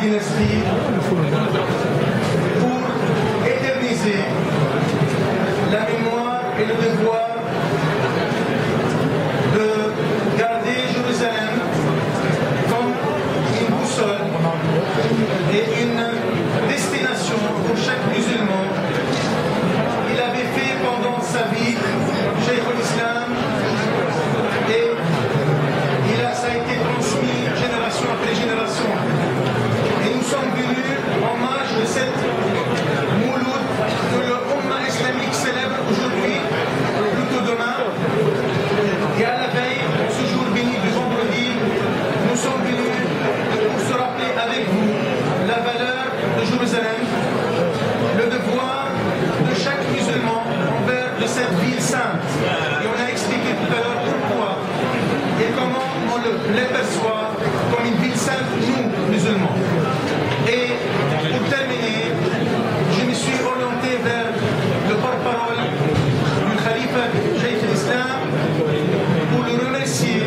dynastie soit comme une ville sainte, nous, musulmans. Et pour terminer, je me suis orienté vers le porte-parole du Khalifa Cheikh Islam pour le remercier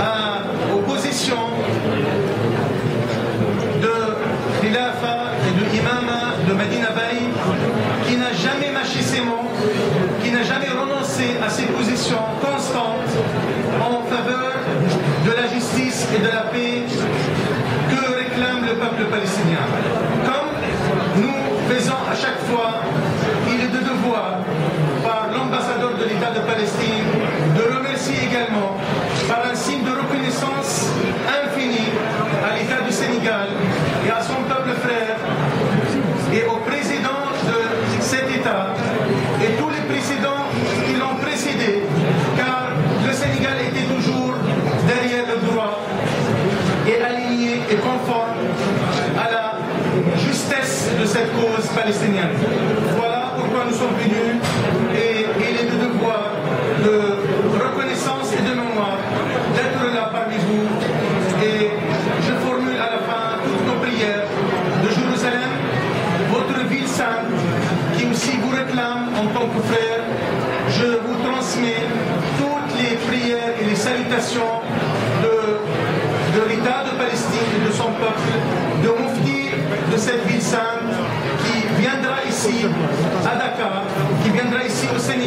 à, aux de Khilafa et de Imama de Medina Bay qui n'a jamais mâché ses mots, qui n'a jamais renoncé à ses positions constantes justice et de la paix que Comme nous faisons à chaque fois palestinienne. Voilà pourquoi nous sommes venus et il de devoir de reconnaissance et de mémoire d'être là parmi vous. Et je formule à la fin toutes nos prières de Jérusalem, votre ville sainte, qui aussi vous réclame en tant que frère. Je vous transmets toutes les prières et les salutations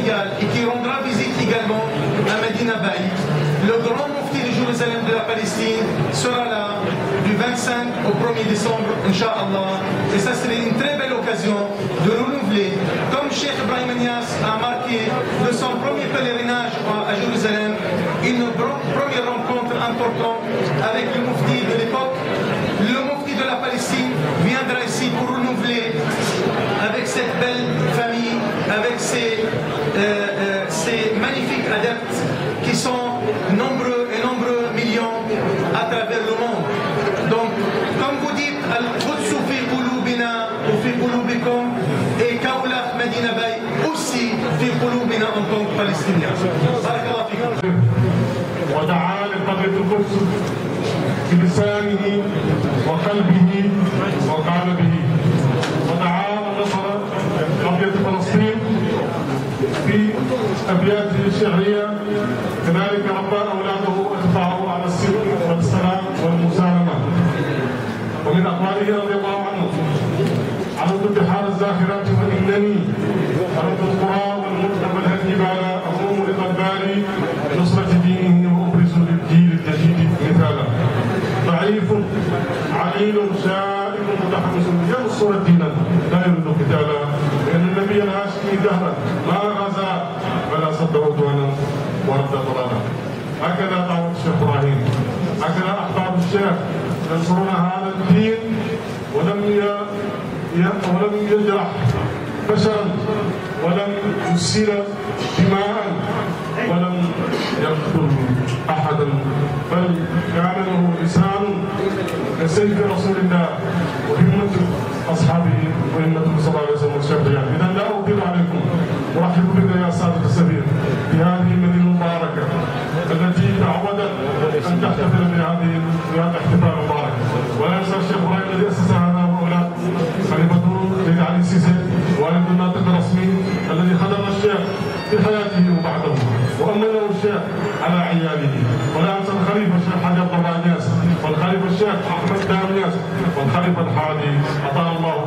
Sénégal et qui rendra visite également à Medina Le grand mufti de la Palestine sera là du 25 au 1er décembre, Inch'Allah. Et ça serait une très belle occasion de renouveler, comme Cheikh Ibrahim Nias a marqué de son premier pèlerinage à Jérusalem, une première rencontre importante avec le mufti qui sont nombreux et nombreux millions à travers le monde. Donc, comme vous dites, Al-Quds fi qouloubina ou fi qouloubikum et Kaoula Medina Bay aussi fi qouloubina en tant que palestinien. Barakallah fikum. وتعالى قبل القدس بلسانه وقلبه عليل شائب متحمس ينصر دينا لا يرد قتالا لأن النبي الهاشمي دهرا ما غزا ولا صد عدوانا ورد ضلالا هكذا دعوة الشيخ إبراهيم هكذا أحباب الشيخ ينصرون هذا الدين ولم ولم يجرح بشرا ولم يسيل دماء ولم يقتل أحدا بل كان له لسان كسيف رسول الله وهمة أصحابه وهمة صلى الله عليه وسلم والشافعية إذا لا أطيل عليكم أرحب بك يا سادة السبيل في هذه المدينة المباركة التي تعودت أن تحتفل بهذه بهذا الاحتفال المبارك ولا ينسى الشيخ إبراهيم الذي أسس هذا المولى خليفة سيد علي السيسي والد الناطق الرسمي الذي خدم الشيخ في حياته وبعده وأمنه الشيخ على عياله ولأنسى الخليفة الشيخ حاج طبع ناس والخليفة الشيخ أحمد دام ناس والخليفة الحادي أطال الله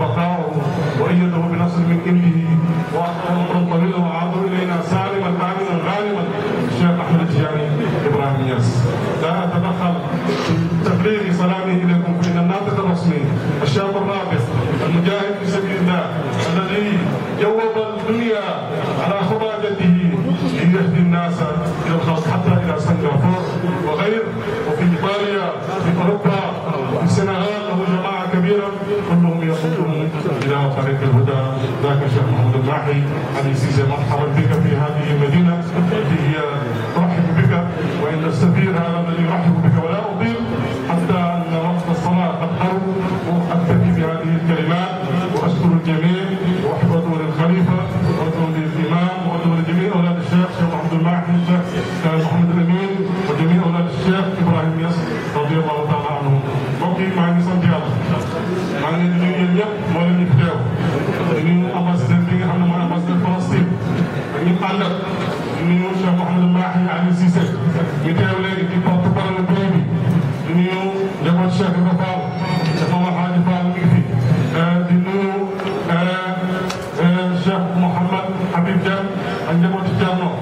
العراقي علي سيسي مرحبا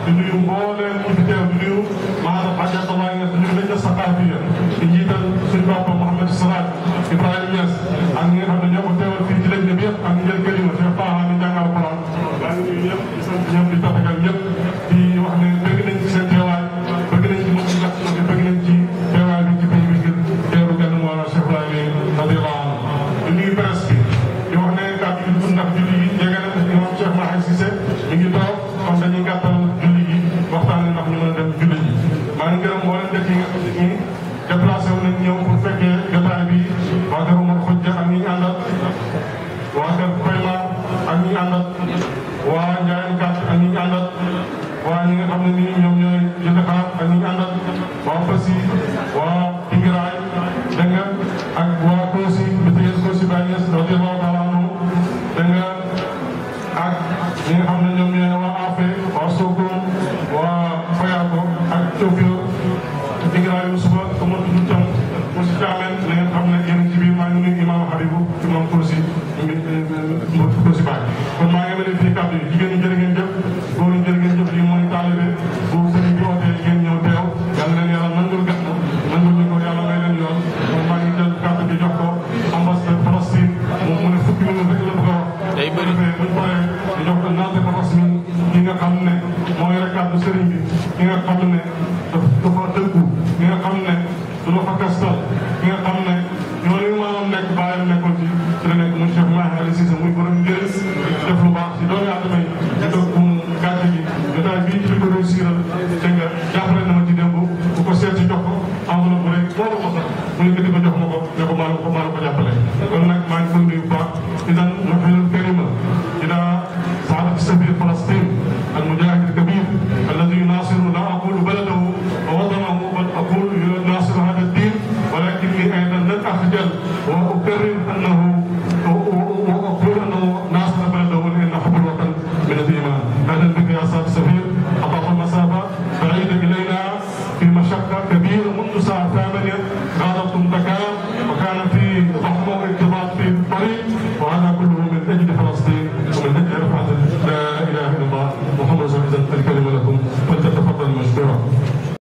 di nuyu mbooleem ñu fi teew di nuyu maanaam jox ko naate ko rasmi ñi nga xam ne mooy rakkaatu sëriñ bi ñi nga xam ne dafa dëggu ñi nga xam ne du la fa kastal ñi nga xam ne ñoo li maanaam nekk bàyyam nekkoon ci ci la nekk muy Cheikh Mahi Ali Cissé muy borom njëriñ def lu baax ci doomu aadama yi di dëggu gàcce gi jotaay bii ci ko réussiral te nga jàppale na ma ci démb bu ko seet ci jox ko enveloppe bu rek boobu